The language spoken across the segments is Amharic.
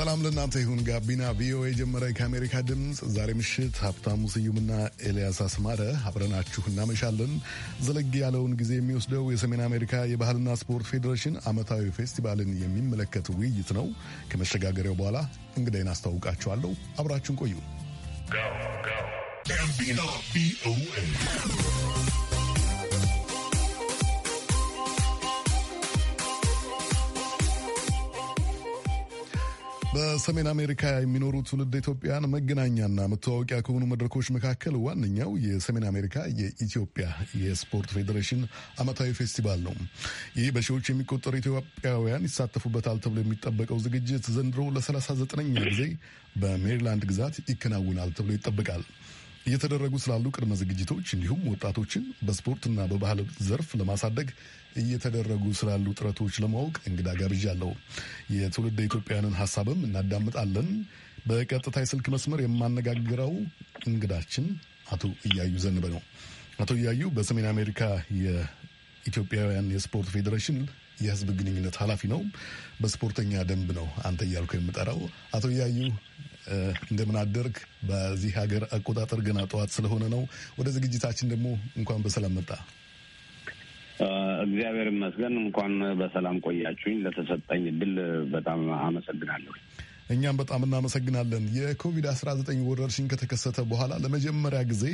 ሰላም ለእናንተ ይሁን። ጋቢና ቪኦኤ ጀመረ ከአሜሪካ ድምፅ ዛሬ ምሽት ሀብታሙ ስዩምና ኤልያስ አስማረ አብረናችሁ እናመሻለን። ዘለግ ያለውን ጊዜ የሚወስደው የሰሜን አሜሪካ የባህልና ስፖርት ፌዴሬሽን ዓመታዊ ፌስቲቫልን የሚመለከት ውይይት ነው። ከመሸጋገሪያው በኋላ እንግዳይን አስታውቃችኋለሁ። አብራችሁን ቆዩ። በሰሜን አሜሪካ የሚኖሩ ትውልድ ኢትዮጵያን መገናኛና መተዋወቂያ ከሆኑ መድረኮች መካከል ዋነኛው የሰሜን አሜሪካ የኢትዮጵያ የስፖርት ፌዴሬሽን ዓመታዊ ፌስቲቫል ነው። ይህ በሺዎች የሚቆጠሩ ኢትዮጵያውያን ይሳተፉበታል ተብሎ የሚጠበቀው ዝግጅት ዘንድሮ ለ39ኛ ጊዜ በሜሪላንድ ግዛት ይከናውናል ተብሎ ይጠበቃል። እየተደረጉ ስላሉ ቅድመ ዝግጅቶች እንዲሁም ወጣቶችን በስፖርትና በባህል ዘርፍ ለማሳደግ እየተደረጉ ስላሉ ጥረቶች ለማወቅ እንግዳ ጋብዣለሁ። የትውልድ ኢትዮጵያውያንን ሀሳብም እናዳምጣለን። በቀጥታ የስልክ መስመር የማነጋግረው እንግዳችን አቶ እያዩ ዘንበ ነው። አቶ እያዩ በሰሜን አሜሪካ የኢትዮጵያውያን የስፖርት ፌዴሬሽን የህዝብ ግንኙነት ኃላፊ ነው። በስፖርተኛ ደንብ ነው አንተ እያልኩ የምጠራው። አቶ እያዩ እንደምናደርግ በዚህ ሀገር አቆጣጠር ገና ጠዋት ስለሆነ ነው። ወደ ዝግጅታችን ደግሞ እንኳን በሰላም መጣ። እግዚአብሔር ይመስገን። እንኳን በሰላም ቆያችሁኝ። ለተሰጠኝ እድል በጣም አመሰግናለሁ። እኛም በጣም እናመሰግናለን። የኮቪድ-19 ወረርሽኝ ከተከሰተ በኋላ ለመጀመሪያ ጊዜ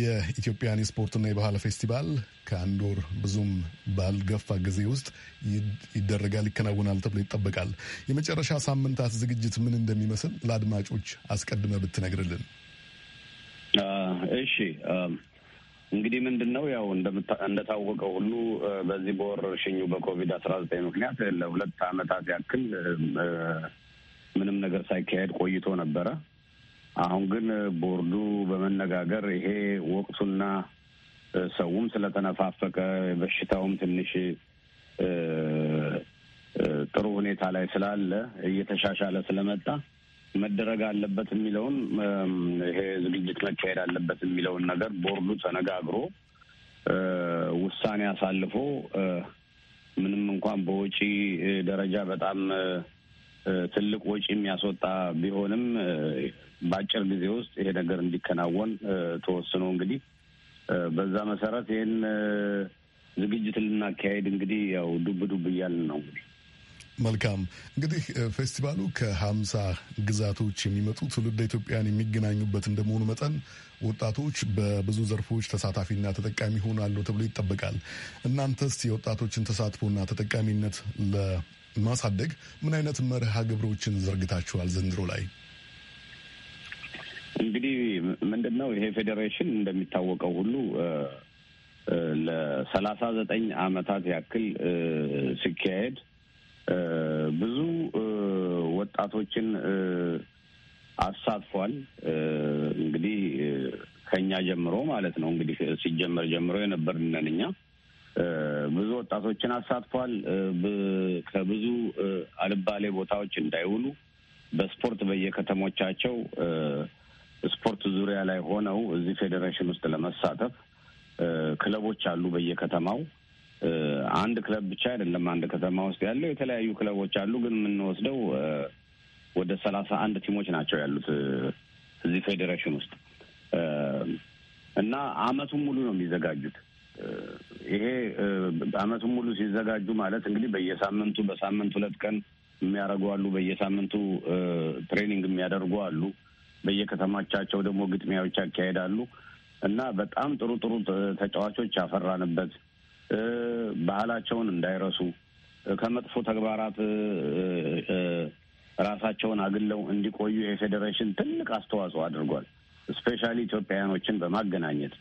የኢትዮጵያን የስፖርትና የባህል ፌስቲቫል ከአንድ ወር ብዙም ባልገፋ ጊዜ ውስጥ ይደረጋል፣ ይከናወናል ተብሎ ይጠበቃል። የመጨረሻ ሳምንታት ዝግጅት ምን እንደሚመስል ለአድማጮች አስቀድመ ብትነግርልን። እሺ እንግዲህ ምንድን ነው ያው እንደታወቀው ሁሉ በዚህ በወረርሽኙ በኮቪድ አስራ ዘጠኝ ምክንያት ለሁለት ዓመታት ያክል ምንም ነገር ሳይካሄድ ቆይቶ ነበረ። አሁን ግን ቦርዱ በመነጋገር ይሄ ወቅቱና ሰውም ስለተነፋፈቀ በሽታውም ትንሽ ጥሩ ሁኔታ ላይ ስላለ እየተሻሻለ ስለመጣ መደረግ አለበት የሚለውን ይሄ ዝግጅት መካሄድ አለበት የሚለውን ነገር ቦርዱ ተነጋግሮ ውሳኔ አሳልፎ ምንም እንኳን በውጪ ደረጃ በጣም ትልቅ ወጪ የሚያስወጣ ቢሆንም በአጭር ጊዜ ውስጥ ይሄ ነገር እንዲከናወን ተወስኖ እንግዲህ በዛ መሰረት ይህን ዝግጅት ልናካሄድ እንግዲህ ያው ዱብ ዱብ እያልን ነው እንግዲህ መልካም እንግዲህ ፌስቲቫሉ ከሀምሳ ግዛቶች የሚመጡ ትውልደ ኢትዮጵያን የሚገናኙበት እንደመሆኑ መጠን ወጣቶች በብዙ ዘርፎች ተሳታፊና ተጠቃሚ ይሆናሉ ተብሎ ይጠበቃል። እናንተስ የወጣቶችን ተሳትፎና ተጠቃሚነት ማሳደግ ምን አይነት መርሃ ግብሮችን ዘርግታችኋል ዘንድሮ ላይ? እንግዲህ ምንድን ነው ይሄ ፌዴሬሽን እንደሚታወቀው ሁሉ ለሰላሳ ዘጠኝ አመታት ያክል ሲካሄድ ብዙ ወጣቶችን አሳትፏል። እንግዲህ ከኛ ጀምሮ ማለት ነው እንግዲህ ሲጀመር ጀምሮ የነበርነን እኛ ብዙ ወጣቶችን አሳትፏል። ከብዙ አልባሌ ቦታዎች እንዳይውሉ በስፖርት በየከተሞቻቸው ስፖርት ዙሪያ ላይ ሆነው እዚህ ፌዴሬሽን ውስጥ ለመሳተፍ ክለቦች አሉ በየከተማው አንድ ክለብ ብቻ አይደለም። አንድ ከተማ ውስጥ ያለው የተለያዩ ክለቦች አሉ። ግን የምንወስደው ወደ ሰላሳ አንድ ቲሞች ናቸው ያሉት እዚህ ፌዴሬሽን ውስጥ እና አመቱን ሙሉ ነው የሚዘጋጁት። ይሄ አመቱን ሙሉ ሲዘጋጁ ማለት እንግዲህ በየሳምንቱ በሳምንት ሁለት ቀን የሚያደርጉ አሉ። በየሳምንቱ ትሬኒንግ የሚያደርጉ አሉ። በየከተማቻቸው ደግሞ ግጥሚያዎች ያካሄዳሉ እና በጣም ጥሩ ጥሩ ተጫዋቾች ያፈራንበት ባህላቸውን እንዳይረሱ ከመጥፎ ተግባራት ራሳቸውን አግለው እንዲቆዩ የፌዴሬሽን ትልቅ አስተዋጽኦ አድርጓል። ስፔሻሊ ኢትዮጵያውያኖችን በማገናኘት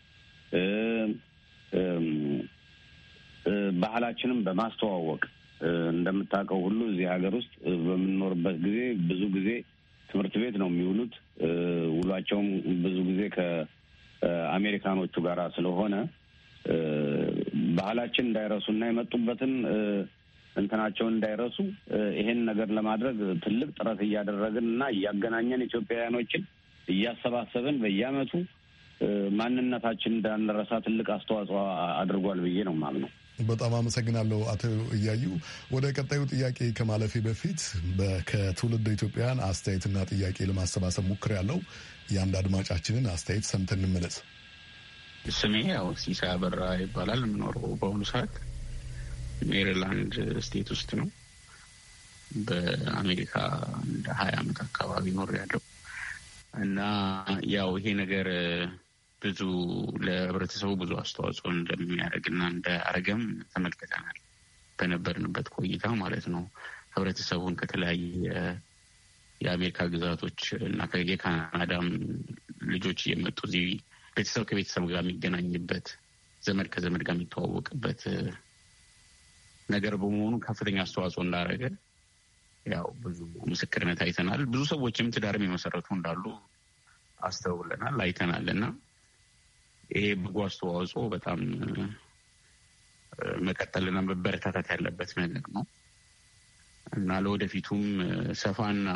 ባህላችንም በማስተዋወቅ እንደምታውቀው ሁሉ እዚህ ሀገር ውስጥ በምንኖርበት ጊዜ ብዙ ጊዜ ትምህርት ቤት ነው የሚውሉት። ውሏቸውም ብዙ ጊዜ ከአሜሪካኖቹ ጋር ስለሆነ ባህላችን እንዳይረሱ እና የመጡበትን እንትናቸውን እንዳይረሱ ይሄን ነገር ለማድረግ ትልቅ ጥረት እያደረግን እና እያገናኘን ኢትዮጵያውያኖችን እያሰባሰብን በየአመቱ። ማንነታችን እንዳንረሳ ትልቅ አስተዋጽኦ አድርጓል ብዬ ነው ማምነው። በጣም አመሰግናለሁ አቶ እያዩ። ወደ ቀጣዩ ጥያቄ ከማለፌ በፊት ከትውልድ ኢትዮጵያውያን አስተያየትና ጥያቄ ለማሰባሰብ ያለው የአንድ አድማጫችንን አስተያየት ሰምተን እንመለስ። ስሜ ያው ሲሳ አበራ ይባላል። የምኖረው በአሁኑ ሰዓት ሜሪላንድ ስቴት ውስጥ ነው። በአሜሪካ እንደ ሀያ ዓመት አካባቢ ኖር ያለው እና ያው ይሄ ነገር ብዙ ለህብረተሰቡ ብዙ አስተዋጽኦ እንደሚያደርግና እንዳረገም ተመልክተናል። በነበርንበት ቆይታ ማለት ነው። ህብረተሰቡን ከተለያየ የአሜሪካ ግዛቶች እና የካናዳም ልጆች እየመጡ እዚህ ቤተሰብ ከቤተሰብ ጋር የሚገናኝበት ዘመድ ከዘመድ ጋር የሚተዋወቅበት ነገር በመሆኑ ከፍተኛ አስተዋጽኦ እንዳደረገ ያው ብዙ ምስክርነት አይተናል። ብዙ ሰዎችም ትዳርም የመሰረቱ እንዳሉ አስተውለናል፣ አይተናል እና ይሄ በጎ አስተዋጽኦ በጣም መቀጠልና መበረታታት ያለበት መልክ ነው እና ለወደፊቱም ሰፋና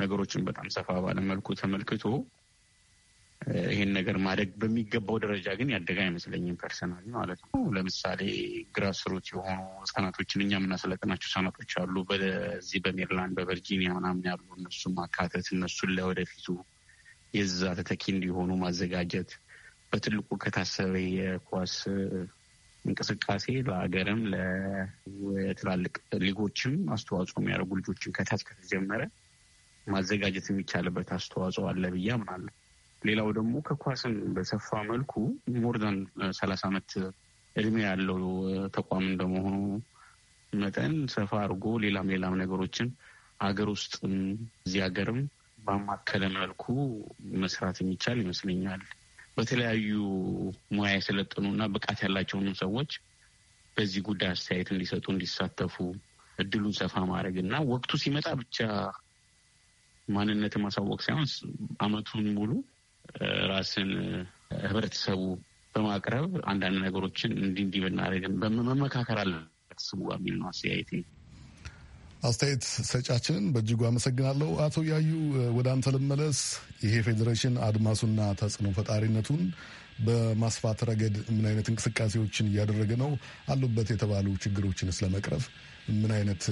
ነገሮችን በጣም ሰፋ ባለመልኩ ተመልክቶ ይህን ነገር ማደግ በሚገባው ደረጃ ግን ያደገ አይመስለኝም፣ ፐርሰናል ማለት ነው። ለምሳሌ ግራስሩት የሆኑ ህጻናቶችን እኛ የምናሰለጥናቸው ህጻናቶች አሉ፣ በዚህ በሜሪላንድ በቨርጂኒያ ምናምን ያሉ እነሱ ማካተት፣ እነሱን ለወደፊቱ የዛ ተተኪ እንዲሆኑ ማዘጋጀት በትልቁ ከታሰበ የኳስ እንቅስቃሴ ለሀገርም ለትላልቅ ሊጎችም አስተዋጽኦ የሚያደርጉ ልጆችን ከታች ከተጀመረ ማዘጋጀት የሚቻልበት አስተዋጽኦ አለ ብዬ አምናለሁ። ሌላው ደግሞ ከኳስን በሰፋ መልኩ ሞርዛን ሰላሳ ዓመት እድሜ ያለው ተቋም እንደመሆኑ መጠን ሰፋ አድርጎ ሌላም ሌላም ነገሮችን ሀገር ውስጥ እዚህ ሀገርም ባማከለ መልኩ መስራት የሚቻል ይመስለኛል። በተለያዩ ሙያ የሰለጠኑ እና ብቃት ያላቸውን ሰዎች በዚህ ጉዳይ አስተያየት እንዲሰጡ፣ እንዲሳተፉ እድሉን ሰፋ ማድረግ እና ወቅቱ ሲመጣ ብቻ ማንነትን ማሳወቅ ሳይሆን አመቱን ሙሉ ራስን ህብረተሰቡ በማቅረብ አንዳንድ ነገሮችን እንዲህ እንዲህ ብናደርግን በመመካከር አለ ስቡ የሚል ነው አስተያየት አስተያየት ሰጫችንን በእጅጉ አመሰግናለሁ። አቶ ያዩ ወደ አንተ ልመለስ። ይሄ ፌዴሬሽን አድማሱና ተጽዕኖ ፈጣሪነቱን በማስፋት ረገድ ምን አይነት እንቅስቃሴዎችን እያደረገ ነው? አሉበት የተባሉ ችግሮችን ስለመቅረፍ ምን አይነት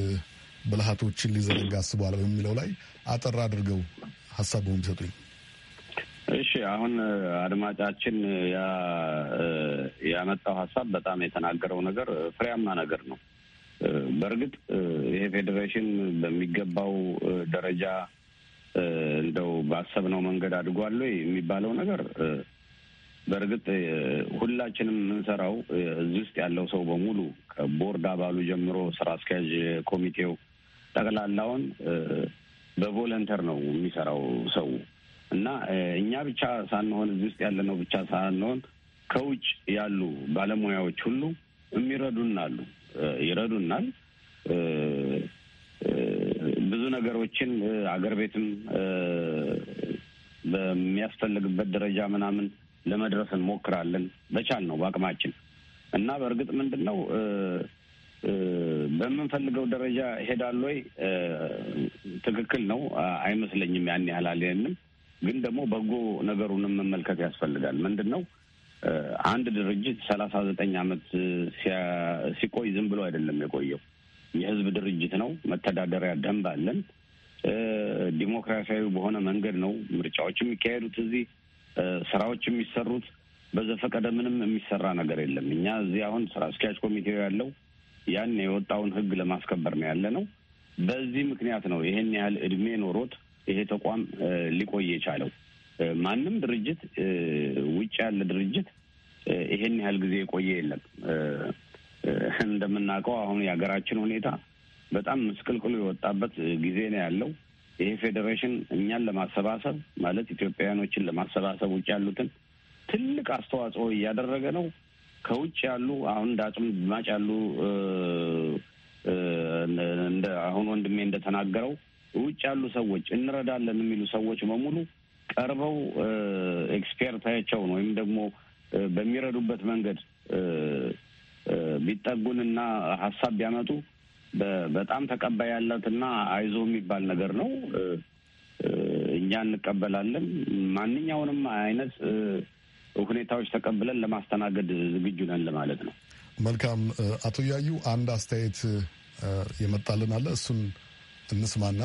ብልሃቶችን ሊዘረጋ አስቧል በሚለው ላይ አጠር አድርገው ሀሳቡን ቢሰጡኝ። እሺ፣ አሁን አድማጫችን ያመጣው ሀሳብ በጣም የተናገረው ነገር ፍሬያማ ነገር ነው። በእርግጥ ይሄ ፌዴሬሽን በሚገባው ደረጃ እንደው ባሰብነው መንገድ አድጓል ወይ የሚባለው ነገር በእርግጥ ሁላችንም የምንሰራው እዚህ ውስጥ ያለው ሰው በሙሉ ከቦርድ አባሉ ጀምሮ ስራ አስኪያጅ ኮሚቴው ጠቅላላውን በቮለንተር ነው የሚሰራው ሰው እና እኛ ብቻ ሳንሆን እዚህ ውስጥ ያለነው ብቻ ሳንሆን ከውጭ ያሉ ባለሙያዎች ሁሉ የሚረዱን አሉ። ይረዱናል። ብዙ ነገሮችን አገር ቤትም በሚያስፈልግበት ደረጃ ምናምን ለመድረስ እንሞክራለን በቻል ነው በአቅማችን እና በእርግጥ ምንድን ነው በምንፈልገው ደረጃ ሄዳል ወይ ትክክል ነው አይመስለኝም። ያን ያህል አልንም፣ ግን ደግሞ በጎ ነገሩንም መመልከት ያስፈልጋል። ምንድን ነው አንድ ድርጅት ሰላሳ ዘጠኝ አመት ሲቆይ ዝም ብሎ አይደለም የቆየው። የህዝብ ድርጅት ነው። መተዳደሪያ ደንብ አለን። ዲሞክራሲያዊ በሆነ መንገድ ነው ምርጫዎች የሚካሄዱት። እዚህ ስራዎች የሚሰሩት በዘፈቀደ ምንም የሚሰራ ነገር የለም። እኛ እዚህ አሁን ስራ አስኪያጅ ኮሚቴው ያለው ያን የወጣውን ህግ ለማስከበር ነው ያለ ነው። በዚህ ምክንያት ነው ይሄን ያህል እድሜ ኖሮት ይሄ ተቋም ሊቆይ የቻለው። ማንም ድርጅት ውጭ ያለ ድርጅት ይሄን ያህል ጊዜ የቆየ የለም። እንደምናውቀው አሁን የሀገራችን ሁኔታ በጣም ምስቅልቅሉ የወጣበት ጊዜ ነው ያለው። ይሄ ፌዴሬሽን እኛን ለማሰባሰብ ማለት ኢትዮጵያውያኖችን ለማሰባሰብ ውጭ ያሉትን ትልቅ አስተዋጽኦ እያደረገ ነው። ከውጭ ያሉ አሁን እንዳጽም ድማጭ ያሉ አሁን ወንድሜ እንደተናገረው ውጭ ያሉ ሰዎች እንረዳለን የሚሉ ሰዎች በሙሉ ቀርበው ኤክስፔርታቸውን ወይም ደግሞ በሚረዱበት መንገድ ቢጠጉንና ሀሳብ ቢያመጡ በጣም ተቀባይ ያላትና አይዞ የሚባል ነገር ነው። እኛ እንቀበላለን። ማንኛውንም አይነት ሁኔታዎች ተቀብለን ለማስተናገድ ዝግጁ ነን ለማለት ነው። መልካም። አቶ ያዩ አንድ አስተያየት የመጣልን አለ። እሱን እንስማና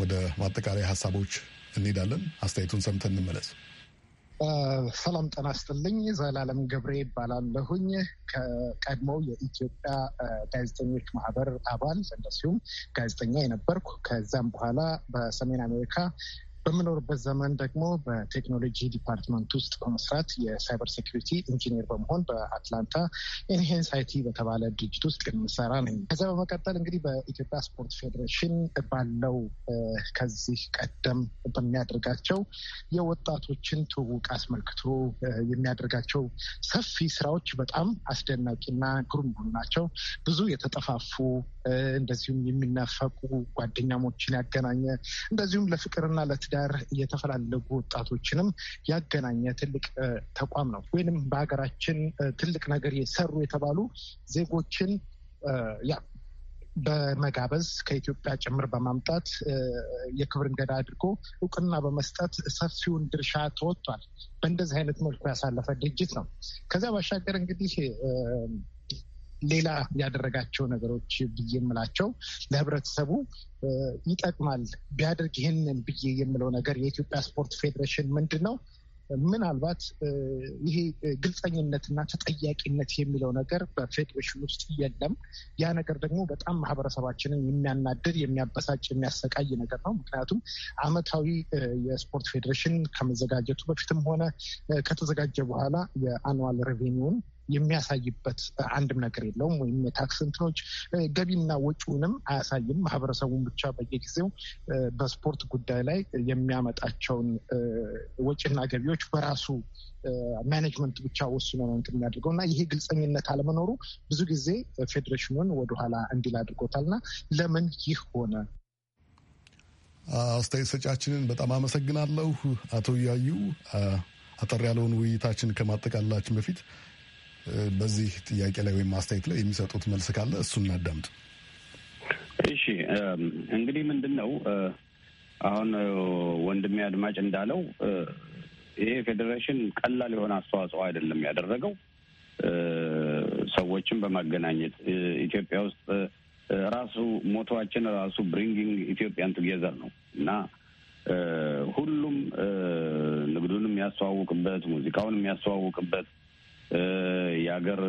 ወደ ማጠቃለያ ሀሳቦች እንሄዳለን። አስተያየቱን ሰምተን እንመለስ። ሰላም ጤና ይስጥልኝ። ዘላለም ገብሬ ይባላለሁኝ። ከቀድሞው የኢትዮጵያ ጋዜጠኞች ማህበር አባል እንደዚሁም ጋዜጠኛ የነበርኩ ከዛም በኋላ በሰሜን አሜሪካ በምኖርበት ዘመን ደግሞ በቴክኖሎጂ ዲፓርትመንት ውስጥ በመስራት የሳይበር ሴኩሪቲ ኢንጂነር በመሆን በአትላንታ ኢንሄንስ አይቲ በተባለ ድርጅት ውስጥ የምሰራ ነኝ። ከዚያ በመቀጠል እንግዲህ በኢትዮጵያ ስፖርት ፌዴሬሽን ባለው ከዚህ ቀደም በሚያደርጋቸው የወጣቶችን ትውውቅ አስመልክቶ የሚያደርጋቸው ሰፊ ስራዎች በጣም አስደናቂና ግሩም ናቸው። ብዙ የተጠፋፉ እንደዚሁም የሚናፈቁ ጓደኛሞችን ያገናኘ እንደዚሁም ለፍቅርና ለት ዳር የተፈላለጉ ወጣቶችንም ያገናኘ ትልቅ ተቋም ነው። ወይንም በሀገራችን ትልቅ ነገር የሰሩ የተባሉ ዜጎችን በመጋበዝ ከኢትዮጵያ ጭምር በማምጣት የክብር እንግዳ አድርጎ እውቅና በመስጠት ሰፊውን ድርሻ ተወጥቷል። በእንደዚህ አይነት መልኩ ያሳለፈ ድርጅት ነው። ከዚያ ባሻገር እንግዲህ ሌላ ያደረጋቸው ነገሮች ብዬ የምላቸው ለህብረተሰቡ ይጠቅማል ቢያደርግ ይህንን ብዬ የምለው ነገር የኢትዮጵያ ስፖርት ፌዴሬሽን ምንድን ነው ምናልባት ይሄ ግልጸኝነትና ተጠያቂነት የሚለው ነገር በፌዴሬሽን ውስጥ የለም። ያ ነገር ደግሞ በጣም ማህበረሰባችንን የሚያናድድ፣ የሚያበሳጭ፣ የሚያሰቃይ ነገር ነው። ምክንያቱም አመታዊ የስፖርት ፌዴሬሽን ከመዘጋጀቱ በፊትም ሆነ ከተዘጋጀ በኋላ የአኑዋል ሬቬኒውን የሚያሳይበት አንድም ነገር የለውም። ወይም የታክስ እንትኖች ገቢና ወጪውንም አያሳይም። ማህበረሰቡን ብቻ በየጊዜው በስፖርት ጉዳይ ላይ የሚያመጣቸውን ወጪና ገቢዎች በራሱ ማኔጅመንት ብቻ ወስኖ ነው እንትን የሚያደርገው እና ይሄ ግልጸኝነት አለመኖሩ ብዙ ጊዜ ፌዴሬሽኑን ወደኋላ እንዲል አድርጎታል። እና ለምን ይህ ሆነ? አስተያየት ሰጫችንን በጣም አመሰግናለሁ። አቶ እያዩ አጠር ያለውን ውይይታችን ከማጠቃላችን በፊት በዚህ ጥያቄ ላይ ወይም አስተያየት ላይ የሚሰጡት መልስ ካለ እሱን እናዳምጥ። እሺ እንግዲህ ምንድን ነው አሁን ወንድሜ አድማጭ እንዳለው ይሄ ፌዴሬሽን ቀላል የሆነ አስተዋጽኦ አይደለም ያደረገው ሰዎችን በማገናኘት ኢትዮጵያ ውስጥ ራሱ ሞቶዋችን ራሱ ብሪንጊንግ ኢትዮጵያን ቱጌዘር ነው እና ሁሉም ንግዱን የሚያስተዋውቅበት፣ ሙዚቃውን የሚያስተዋውቅበት፣ የአገር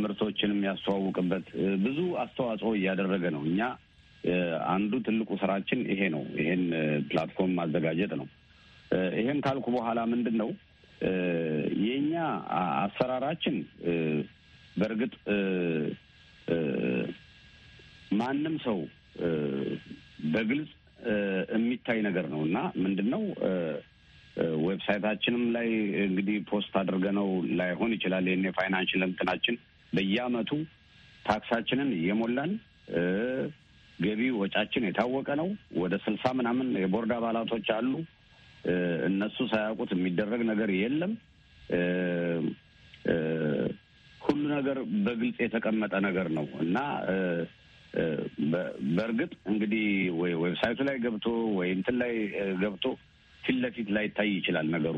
ምርቶችን የሚያስተዋውቅበት ብዙ አስተዋጽኦ እያደረገ ነው። እኛ አንዱ ትልቁ ስራችን ይሄ ነው። ይሄን ፕላትፎርም ማዘጋጀት ነው። ይሄን ካልኩ በኋላ ምንድን ነው የእኛ አሰራራችን በእርግጥ ማንም ሰው በግልጽ የሚታይ ነገር ነው እና ምንድን ነው ዌብሳይታችንም ላይ እንግዲህ ፖስት አድርገነው ላይሆን ይችላል። ይህን የፋይናንሽል እንትናችን በየአመቱ ታክሳችንን እየሞላን ገቢ ወጫችን የታወቀ ነው። ወደ ስልሳ ምናምን የቦርድ አባላቶች አሉ። እነሱ ሳያውቁት የሚደረግ ነገር የለም። ሁሉ ነገር በግልጽ የተቀመጠ ነገር ነው እና በእርግጥ እንግዲህ ወይ ዌብሳይቱ ላይ ገብቶ ወይ እንትን ላይ ገብቶ ፊት ለፊት ላይታይ ይችላል ነገሩ።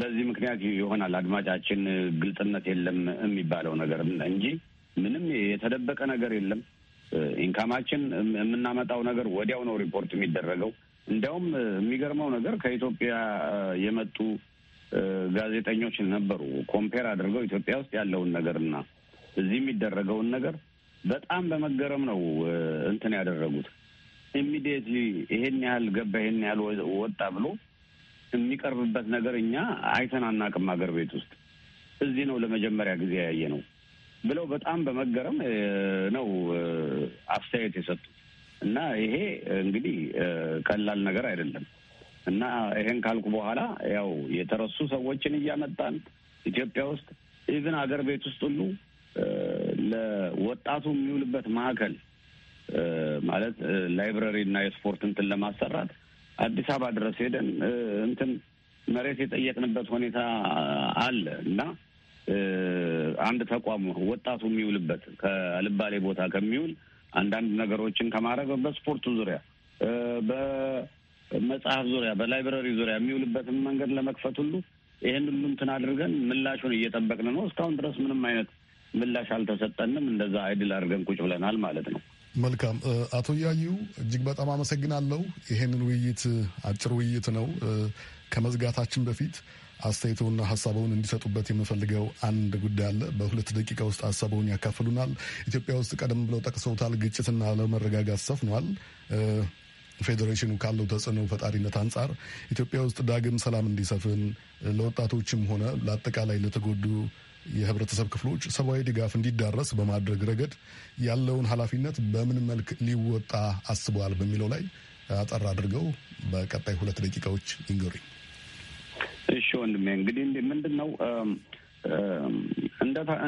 በዚህ ምክንያት ይሆናል አድማጫችን ግልጽነት የለም የሚባለው ነገር እንጂ ምንም የተደበቀ ነገር የለም። ኢንካማችን የምናመጣው ነገር ወዲያው ነው ሪፖርት የሚደረገው። እንዲያውም የሚገርመው ነገር ከኢትዮጵያ የመጡ ጋዜጠኞች ነበሩ። ኮምፔር አድርገው ኢትዮጵያ ውስጥ ያለውን ነገርና እዚህ የሚደረገውን ነገር በጣም በመገረም ነው እንትን ያደረጉት። ኢሚዲየትሊ ይሄን ያህል ገባ ይሄን ያህል ወጣ ብሎ የሚቀርብበት ነገር እኛ አይተን አናቅም። ሀገር ቤት ውስጥ እዚህ ነው ለመጀመሪያ ጊዜ ያየ ነው ብለው በጣም በመገረም ነው አስተያየት የሰጡት እና ይሄ እንግዲህ ቀላል ነገር አይደለም እና ይሄን ካልኩ በኋላ ያው የተረሱ ሰዎችን እያመጣን ኢትዮጵያ ውስጥ ኢቭን አገር ቤት ውስጥ ሁሉ ለወጣቱ የሚውልበት ማዕከል ማለት ላይብረሪ እና የስፖርት እንትን ለማሰራት አዲስ አበባ ድረስ ሄደን እንትን መሬት የጠየቅንበት ሁኔታ አለ እና አንድ ተቋም ወጣቱ የሚውልበት ከልባሌ ቦታ ከሚውል አንዳንድ ነገሮችን ከማድረግ በስፖርቱ ዙሪያ በመጽሐፍ ዙሪያ በላይብረሪ ዙሪያ የሚውልበትን መንገድ ለመክፈት ሁሉ ይህን ሁሉ እንትን አድርገን ምላሹን እየጠበቅን ነው። እስካሁን ድረስ ምንም አይነት ምላሽ አልተሰጠንም። እንደዛ አይድል አድርገን ቁጭ ብለናል ማለት ነው። መልካም አቶ እያዩ እጅግ በጣም አመሰግናለሁ። ይሄንን ውይይት አጭር ውይይት ነው። ከመዝጋታችን በፊት አስተያየተውና ሀሳበውን እንዲሰጡበት የምፈልገው አንድ ጉዳይ አለ። በሁለት ደቂቃ ውስጥ ሀሳበውን ያካፍሉናል። ኢትዮጵያ ውስጥ ቀደም ብለው ጠቅሰውታል፣ ግጭትና አለመረጋጋት ሰፍኗል። ፌዴሬሽኑ ካለው ተጽዕኖ ፈጣሪነት አንጻር ኢትዮጵያ ውስጥ ዳግም ሰላም እንዲሰፍን ለወጣቶችም ሆነ ለአጠቃላይ ለተጎዱ የህብረተሰብ ክፍሎች ሰብአዊ ድጋፍ እንዲዳረስ በማድረግ ረገድ ያለውን ኃላፊነት በምን መልክ ሊወጣ አስበዋል በሚለው ላይ አጠር አድርገው በቀጣይ ሁለት ደቂቃዎች ይንገሩኝ። እሺ ወንድሜ፣ እንግዲህ ምንድን ነው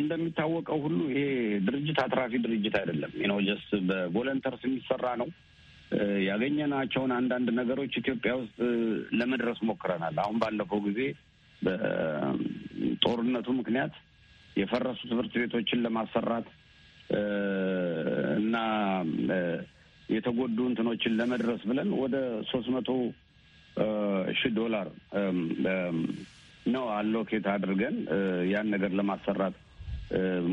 እንደሚታወቀው ሁሉ ይሄ ድርጅት አትራፊ ድርጅት አይደለም። ነው ጀስ በቮለንተርስ የሚሰራ ነው። ያገኘናቸውን አንዳንድ ነገሮች ኢትዮጵያ ውስጥ ለመድረስ ሞክረናል። አሁን ባለፈው ጊዜ ጦርነቱ ምክንያት የፈረሱ ትምህርት ቤቶችን ለማሰራት እና የተጎዱ እንትኖችን ለመድረስ ብለን ወደ ሶስት መቶ ሺህ ዶላር ነው አሎኬት አድርገን ያን ነገር ለማሰራት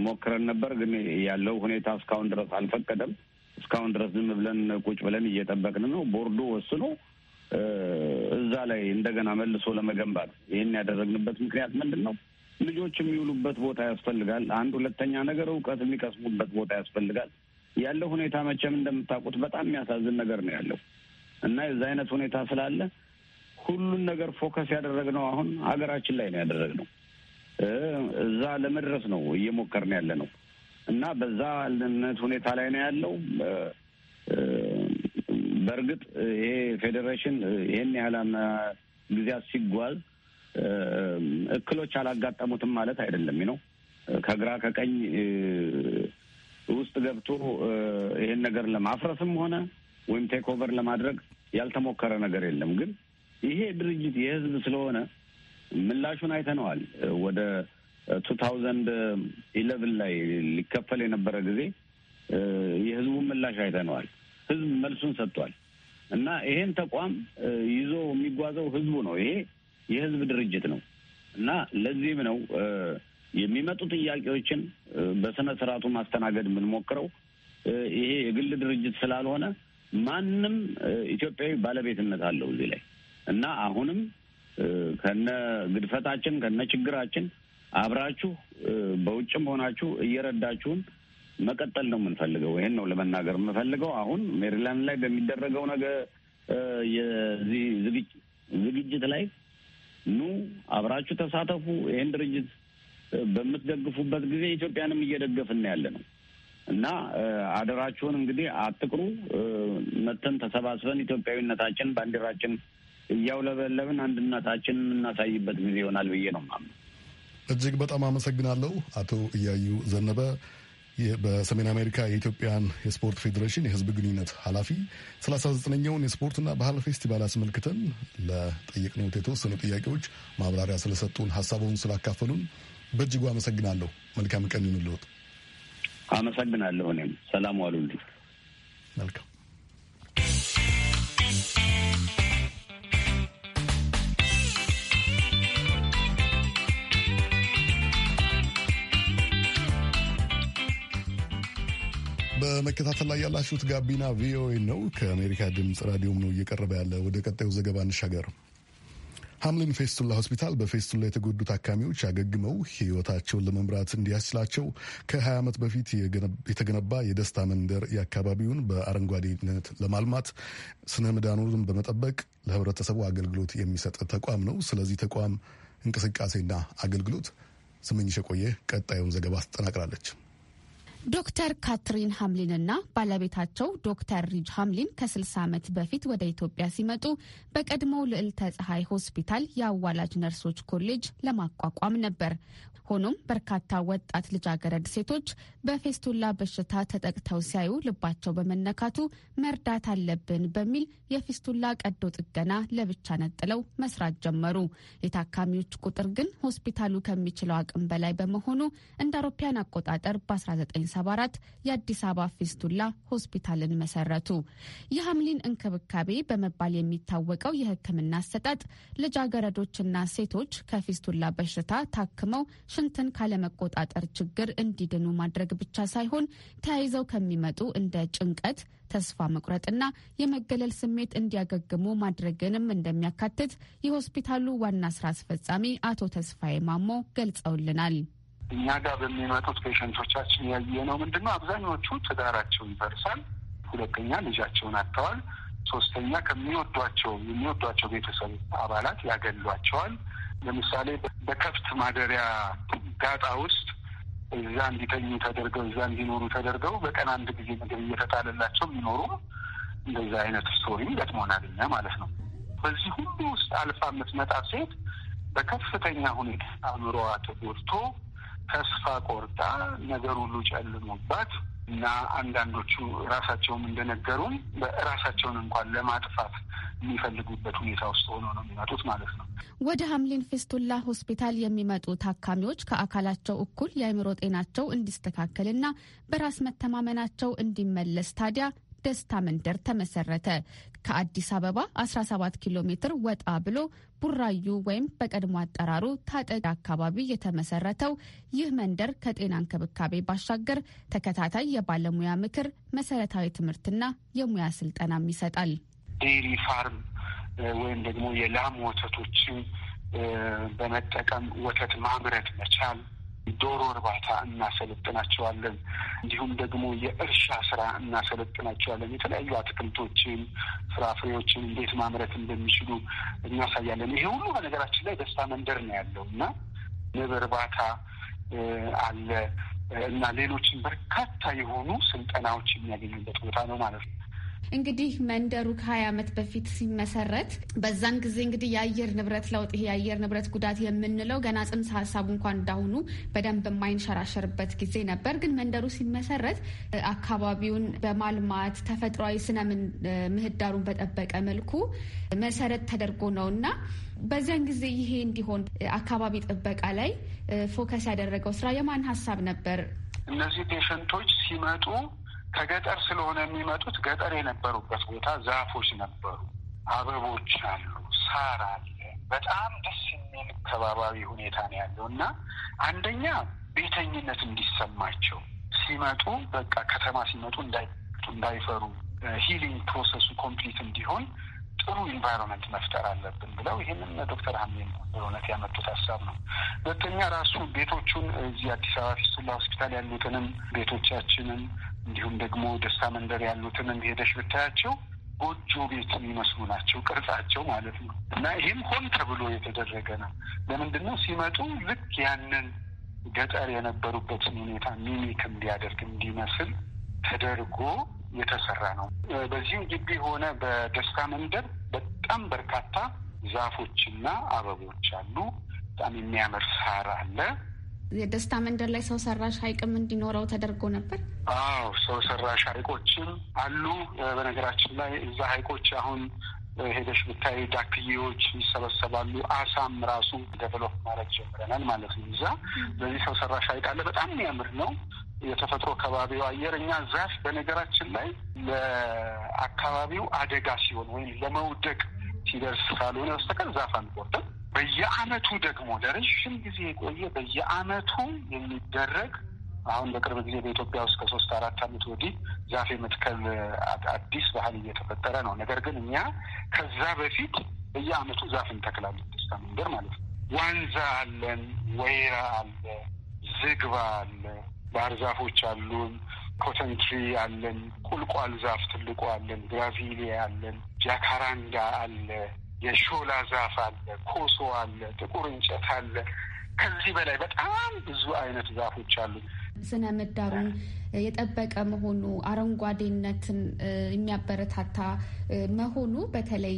ሞክረን ነበር። ግን ያለው ሁኔታ እስካሁን ድረስ አልፈቀደም። እስካሁን ድረስ ዝም ብለን ቁጭ ብለን እየጠበቅን ነው። ቦርዱ ወስኖ እዛ ላይ እንደገና መልሶ ለመገንባት ይህን ያደረግንበት ምክንያት ምንድን ነው? ልጆች የሚውሉበት ቦታ ያስፈልጋል። አንድ ሁለተኛ ነገር እውቀት የሚቀስሙበት ቦታ ያስፈልጋል። ያለው ሁኔታ መቼም እንደምታውቁት በጣም የሚያሳዝን ነገር ነው ያለው እና የዛ አይነት ሁኔታ ስላለ ሁሉን ነገር ፎከስ ያደረግነው አሁን ሀገራችን ላይ ነው ያደረግነው። እዛ ለመድረስ ነው እየሞከርን ያለ ነው እና በዛ አይነት ሁኔታ ላይ ነው ያለው። በእርግጥ ይሄ ፌዴሬሽን ይህን ያህል ጊዜያት ሲጓዝ እክሎች አላጋጠሙትም ማለት አይደለም ነው። ከግራ ከቀኝ ውስጥ ገብቶ ይሄን ነገር ለማፍረስም ሆነ ወይም ቴክ ኦቨር ለማድረግ ያልተሞከረ ነገር የለም። ግን ይሄ ድርጅት የህዝብ ስለሆነ ምላሹን አይተነዋል። ወደ ቱ ታውዘንድ ኢለቭን ላይ ሊከፈል የነበረ ጊዜ የህዝቡን ምላሽ አይተነዋል። ህዝብ መልሱን ሰጥቷል እና ይሄን ተቋም ይዞ የሚጓዘው ህዝቡ ነው። ይሄ የህዝብ ድርጅት ነው እና ለዚህም ነው የሚመጡ ጥያቄዎችን በስነ ስርዓቱ ማስተናገድ የምንሞክረው። ይሄ የግል ድርጅት ስላልሆነ ማንም ኢትዮጵያዊ ባለቤትነት አለው እዚህ ላይ እና አሁንም ከነ ግድፈታችን ከነ ችግራችን አብራችሁ በውጭም ሆናችሁ እየረዳችሁን መቀጠል ነው የምንፈልገው። ይህን ነው ለመናገር የምፈልገው። አሁን ሜሪላንድ ላይ በሚደረገው ነገ የዚህ ዝግጅት ላይ ኑ አብራችሁ ተሳተፉ። ይህን ድርጅት በምትደግፉበት ጊዜ ኢትዮጵያንም እየደገፍን ያለ ነው እና አደራችሁን እንግዲህ አትቅሩ። መተን ተሰባስበን ኢትዮጵያዊነታችን፣ ባንዲራችን እያውለበለብን አንድነታችን የምናሳይበት ጊዜ ይሆናል ብዬ ነው ማምነው። እጅግ በጣም አመሰግናለሁ አቶ እያዩ ዘነበ። በሰሜን አሜሪካ የኢትዮጵያን የስፖርት ፌዴሬሽን የህዝብ ግንኙነት ኃላፊ 39ኛውን የስፖርትና ባህል ፌስቲቫል አስመልክተን ለጠየቅነውት የተወሰኑ ጥያቄዎች ማብራሪያ ስለሰጡን ሀሳቡን ስላካፈሉን በእጅጉ አመሰግናለሁ። መልካም ቀን ይሁንልዎት። አመሰግናለሁ። እኔም ሰላም ዋሉልኝ። መልካም በመከታተል ላይ ያላችሁት ጋቢና ቪኦኤ ነው ከአሜሪካ ድምፅ ራዲዮም ነው እየቀረበ ያለ። ወደ ቀጣዩ ዘገባ እንሻገር። ሐምሊን ፌስቱላ ሆስፒታል በፌስቱላ የተጎዱ ታካሚዎች አገግመው ሕይወታቸውን ለመምራት እንዲያስችላቸው ከ20 ዓመት በፊት የተገነባ የደስታ መንደር የአካባቢውን በአረንጓዴነት ለማልማት ስነ ምህዳሩን በመጠበቅ ለሕብረተሰቡ አገልግሎት የሚሰጥ ተቋም ነው። ስለዚህ ተቋም እንቅስቃሴና አገልግሎት ስመኝሽ የቆየ ቀጣዩን ዘገባ አስጠናቅራለች። ዶክተር ካትሪን እና ባለቤታቸው ዶክተር ሪጅ ሀምሊን ከ60 ዓመት በፊት ወደ ኢትዮጵያ ሲመጡ በቀድሞው ልዕልተ ፀሐይ ሆስፒታል የአዋላጅ ነርሶች ኮሌጅ ለማቋቋም ነበር። ሆኖም በርካታ ወጣት ልጃገረድ ሴቶች በፌስቱላ በሽታ ተጠቅተው ሲያዩ ልባቸው በመነካቱ መርዳት አለብን በሚል የፌስቱላ ቀዶ ጥገና ለብቻ ነጥለው መስራት ጀመሩ። የታካሚዎች ቁጥር ግን ሆስፒታሉ ከሚችለው አቅም በላይ በመሆኑ እንደ አውሮፓያን አቆጣጠር በ19 1974 የአዲስ አበባ ፊስቱላ ሆስፒታልን መሰረቱ። የሐምሊን እንክብካቤ በመባል የሚታወቀው የሕክምና አሰጣጥ ልጃገረዶችና ሴቶች ከፊስቱላ በሽታ ታክመው ሽንትን ካለመቆጣጠር ችግር እንዲድኑ ማድረግ ብቻ ሳይሆን ተያይዘው ከሚመጡ እንደ ጭንቀት ተስፋ መቁረጥና የመገለል ስሜት እንዲያገግሙ ማድረግንም እንደሚያካትት የሆስፒታሉ ዋና ስራ አስፈጻሚ አቶ ተስፋዬ ማሞ ገልጸውልናል። እኛ ጋር በሚመጡት ፔሸንቶቻችን ያየ ነው ምንድን ነው አብዛኛዎቹ ትዳራቸው ይፈርሳል፣ ሁለተኛ ልጃቸውን አጥተዋል፣ ሶስተኛ ከሚወዷቸው የሚወዷቸው ቤተሰብ አባላት ያገሏቸዋል። ለምሳሌ በከብት ማደሪያ ጋጣ ውስጥ እዛ እንዲተኙ ተደርገው እዛ እንዲኖሩ ተደርገው በቀን አንድ ጊዜ ምግብ እየተጣለላቸው የሚኖሩ እንደዛ አይነት ስቶሪ ገጥሞናል እኛ ማለት ነው። በዚህ ሁሉ ውስጥ አልፋ የምትመጣ ሴት በከፍተኛ ሁኔታ አእምሮዋ ተጎድቶ ተስፋ ቆርጣ ነገር ሁሉ ጨልሞባት እና አንዳንዶቹ ራሳቸውም እንደነገሩም ራሳቸውን እንኳን ለማጥፋት የሚፈልጉበት ሁኔታ ውስጥ ሆኖ ነው የሚመጡት ማለት ነው። ወደ ሀምሊን ፌስቱላ ሆስፒታል የሚመጡ ታካሚዎች ከአካላቸው እኩል የአእምሮ ጤናቸው እንዲስተካከልና በራስ መተማመናቸው እንዲመለስ ታዲያ ደስታ መንደር ተመሰረተ። ከአዲስ አበባ 17 ኪሎ ሜትር ወጣ ብሎ ቡራዩ ወይም በቀድሞ አጠራሩ ታጠቅ አካባቢ የተመሰረተው ይህ መንደር ከጤና እንክብካቤ ባሻገር ተከታታይ የባለሙያ ምክር፣ መሰረታዊ ትምህርትና የሙያ ስልጠናም ይሰጣል። ዴሪ ፋርም ወይም ደግሞ የላም ወተቶችን በመጠቀም ወተት ማምረት መቻል ዶሮ እርባታ እናሰለጥናቸዋለን። እንዲሁም ደግሞ የእርሻ ስራ እናሰለጥናቸዋለን። የተለያዩ አትክልቶችን፣ ፍራፍሬዎችን እንዴት ማምረት እንደሚችሉ እናሳያለን። ይሄ ሁሉ በነገራችን ላይ ደስታ መንደር ነው ያለው እና ንብ እርባታ አለ እና ሌሎችን በርካታ የሆኑ ስልጠናዎች የሚያገኙበት ቦታ ነው ማለት ነው። እንግዲህ መንደሩ ከሀያ ዓመት በፊት ሲመሰረት በዛን ጊዜ እንግዲህ የአየር ንብረት ለውጥ ይሄ የአየር ንብረት ጉዳት የምንለው ገና ጽንሰ ሀሳቡ እንኳን እንዳሁኑ በደንብ የማይንሸራሸርበት ጊዜ ነበር። ግን መንደሩ ሲመሰረት አካባቢውን በማልማት ተፈጥሯዊ ስነ ምህዳሩን በጠበቀ መልኩ መሰረት ተደርጎ ነው እና በዚያን ጊዜ ይሄ እንዲሆን አካባቢ ጥበቃ ላይ ፎከስ ያደረገው ስራ የማን ሀሳብ ነበር? እነዚህ ፔሸንቶች ሲመጡ ከገጠር ስለሆነ የሚመጡት ገጠር የነበሩበት ቦታ ዛፎች ነበሩ፣ አበቦች አሉ፣ ሳር አለ። በጣም ደስ የሚል ከባባዊ ሁኔታ ነው ያለው እና አንደኛ ቤተኝነት እንዲሰማቸው ሲመጡ በቃ ከተማ ሲመጡ እንዳይፈሩ ሂሊንግ ፕሮሰሱ ኮምፕሊት እንዲሆን ጥሩ ኢንቫይሮንመንት መፍጠር አለብን ብለው ይህንን ዶክተር ሀሜን በእውነት ያመጡት ሀሳብ ነው። ሁለተኛ ራሱ ቤቶቹን እዚህ አዲስ አበባ ፊስቱላ ሆስፒታል ያሉትንም ቤቶቻችንን እንዲሁም ደግሞ ደስታ መንደር ያሉትንም ሄደሽ ብታያቸው ጎጆ ቤት የሚመስሉ ናቸው ቅርጻቸው ማለት ነው። እና ይህም ሆን ተብሎ የተደረገ ነው። ለምንድን ነው ሲመጡ ልክ ያንን ገጠር የነበሩበትን ሁኔታ ሚሚክ እንዲያደርግ እንዲመስል ተደርጎ የተሰራ ነው። በዚህም ግቢ ሆነ በደስታ መንደር በጣም በርካታ ዛፎችና አበቦች አሉ። በጣም የሚያምር ሳር አለ። የደስታ መንደር ላይ ሰው ሰራሽ ሐይቅም እንዲኖረው ተደርጎ ነበር። አዎ ሰው ሰራሽ ሐይቆችም አሉ። በነገራችን ላይ እዛ ሐይቆች አሁን ሄደሽ ብታይ ዳክዬዎች ይሰበሰባሉ። አሳም ራሱ ደቨሎፕ ማለት ጀምረናል ማለት ነው። እዛ በዚህ ሰው ሰራሽ ሐይቅ አለ። በጣም የሚያምር ነው የተፈጥሮ ከባቢው አየር። እኛ ዛፍ በነገራችን ላይ ለአካባቢው አደጋ ሲሆን ወይም ለመውደቅ ሲደርስ ካልሆነ በስተቀር ዛፍ አንቆርጥም። በየአመቱ ደግሞ ለረዥም ጊዜ የቆየ በየአመቱ የሚደረግ አሁን በቅርብ ጊዜ በኢትዮጵያ ውስጥ ከሶስት አራት ዓመት ወዲህ ዛፍ የመትከል አዲስ ባህል እየተፈጠረ ነው። ነገር ግን እኛ ከዛ በፊት በየዓመቱ ዛፍ እንተክላለን ደስታ መንገድ ማለት ነው። ዋንዛ አለን፣ ወይራ አለ፣ ዝግባ አለ፣ ባህር ዛፎች አሉን፣ ኮተንትሪ አለን፣ ቁልቋል ዛፍ ትልቁ አለን፣ ግራቪሊያ አለን፣ ጃካራንዳ አለ፣ የሾላ ዛፍ አለ፣ ኮሶ አለ፣ ጥቁር እንጨት አለ። ከዚህ በላይ በጣም ብዙ አይነት ዛፎች አሉን። ስነ ምህዳሩን የጠበቀ መሆኑ አረንጓዴነትን የሚያበረታታ መሆኑ በተለይ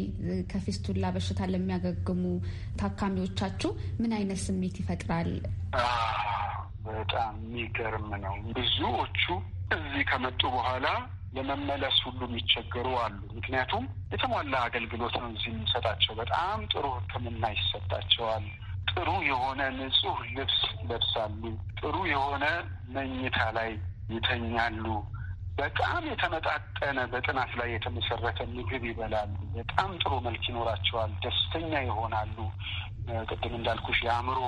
ከፊስቱላ በሽታ ለሚያገግሙ ታካሚዎቻችሁ ምን አይነት ስሜት ይፈጥራል? በጣም የሚገርም ነው። ብዙዎቹ እዚህ ከመጡ በኋላ ለመመለስ ሁሉ የሚቸገሩ አሉ። ምክንያቱም የተሟላ አገልግሎት ነው እዚህ የምንሰጣቸው። በጣም ጥሩ ሕክምና ይሰጣቸዋል። ጥሩ የሆነ ንጹህ ልብስ ይለብሳሉ። ጥሩ የሆነ መኝታ ላይ ይተኛሉ። በጣም የተመጣጠነ በጥናት ላይ የተመሰረተ ምግብ ይበላሉ። በጣም ጥሩ መልክ ይኖራቸዋል። ደስተኛ ይሆናሉ። ቅድም እንዳልኩሽ የአእምሮ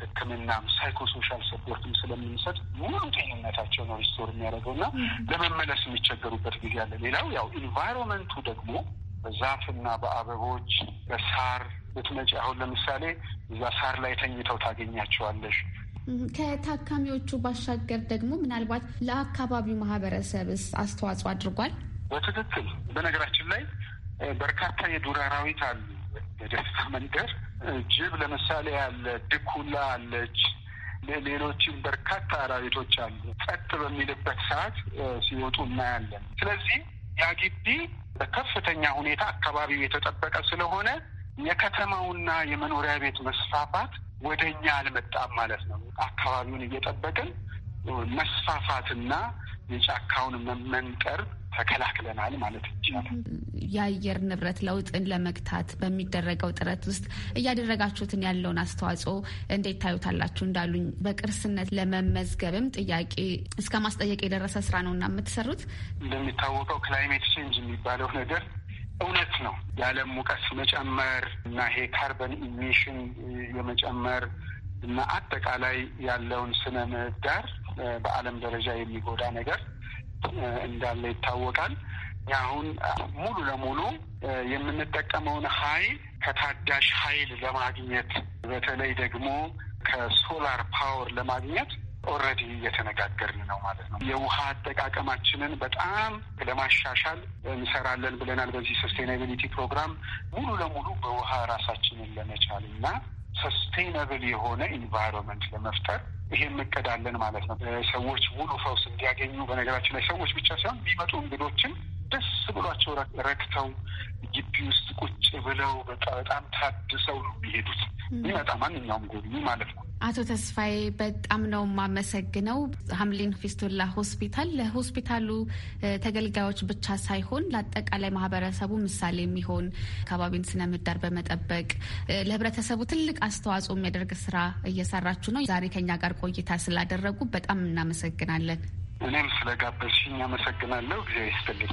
ሕክምናም ሳይኮሶሻል ሰፖርትም ስለምንሰጥ ሙሉ ጤንነታቸው ነው ሪስቶር የሚያደርገው እና ለመመለስ የሚቸገሩበት ጊዜ አለ። ሌላው ያው ኢንቫይሮንመንቱ ደግሞ በዛፍና በአበቦች በሳር ብትመጪ አሁን ለምሳሌ እዛ ሳር ላይ ተኝተው ታገኛቸዋለሽ። ከታካሚዎቹ ባሻገር ደግሞ ምናልባት ለአካባቢው ማህበረሰብስ አስተዋጽኦ አድርጓል? በትክክል በነገራችን ላይ በርካታ የዱር አራዊት አሉ። በደስታ መንደር ጅብ ለምሳሌ አለ፣ ድኩላ አለች፣ ሌሎችም በርካታ አራዊቶች አሉ። ጸጥ በሚልበት ሰዓት ሲወጡ እናያለን። ስለዚህ ያ ግቢ በከፍተኛ ሁኔታ አካባቢው የተጠበቀ ስለሆነ የከተማውና የመኖሪያ ቤት መስፋፋት ወደ እኛ አልመጣም ማለት ነው። አካባቢውን እየጠበቅን መስፋፋትና የጫካውን መመንጠር ተከላክለናል ማለት ይቻላል። የአየር ንብረት ለውጥን ለመግታት በሚደረገው ጥረት ውስጥ እያደረጋችሁትን ያለውን አስተዋጽኦ እንዴት ታዩታላችሁ? እንዳሉኝ በቅርስነት ለመመዝገብም ጥያቄ እስከ ማስጠየቅ የደረሰ ስራ ነው እና የምትሰሩት። እንደሚታወቀው ክላይሜት ቼንጅ የሚባለው ነገር እውነት ነው። የዓለም ሙቀት መጨመር እና ይሄ ካርበን ኢሚሽን የመጨመር እና አጠቃላይ ያለውን ስነ ምህዳር በዓለም ደረጃ የሚጎዳ ነገር እንዳለ ይታወቃል። አሁን ሙሉ ለሙሉ የምንጠቀመውን ኃይል ከታዳሽ ኃይል ለማግኘት በተለይ ደግሞ ከሶላር ፓወር ለማግኘት ኦልሬዲ እየተነጋገርን ነው ማለት ነው። የውሃ አጠቃቀማችንን በጣም ለማሻሻል እንሰራለን ብለናል። በዚህ ሰስቴናቢሊቲ ፕሮግራም ሙሉ ለሙሉ በውሃ ራሳችንን ለመቻል እና ሰስቴናብል የሆነ ኢንቫይሮንመንት ለመፍጠር ይሄን መቀዳለን ማለት ነው። ሰዎች ሙሉ ፈውስ እንዲያገኙ በነገራችን ላይ ሰዎች ብቻ ሳይሆን የሚመጡ እንግዶችን ደስ ብሏቸው ረክተው ግቢ ውስጥ ቁጭ ብለው በጣም ታድሰው ነው የሚሄዱት። የሚመጣ ማንኛውም ጎብኚ ማለት ነው። አቶ ተስፋዬ በጣም ነው የማመሰግነው። ሀምሊን ፊስቱላ ሆስፒታል ለሆስፒታሉ ተገልጋዮች ብቻ ሳይሆን ለአጠቃላይ ማህበረሰቡ ምሳሌ የሚሆን አካባቢን ስነ ምህዳር በመጠበቅ ለህብረተሰቡ ትልቅ አስተዋጽኦ የሚያደርግ ስራ እየሰራችሁ ነው። ዛሬ ከኛ ጋር ቆይታ ስላደረጉ በጣም እናመሰግናለን። እኔም ስለጋበዝሽኝ አመሰግናለሁ። ጊዜ ይስጥልኝ።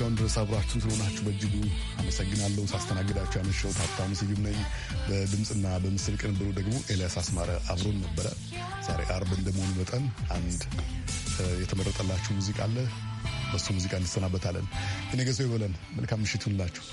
እስካሁን ድረስ አብራችሁን ስለሆናችሁ በእጅጉ አመሰግናለሁ። ሳስተናግዳችሁ ያመሸሁት ሀብታሙ ስዩም ነኝ። በድምፅና በምስል ቅንብሩ ደግሞ ኤልያስ አስማረ አብሮን ነበረ። ዛሬ አርብ እንደመሆኑ መጠን አንድ የተመረጠላችሁ ሙዚቃ አለ። በሱ ሙዚቃ እንሰናበታለን። የነገ ሰው ይበለን። መልካም ምሽት ይሁንላችሁ።